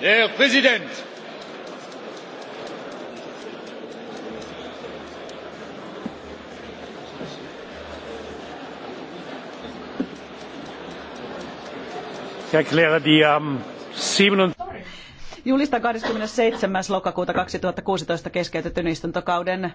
Herr Präsident! Ich erkläre die am 7. Julistan 27. lokakuuta 2016 keskeytetyn istuntokauden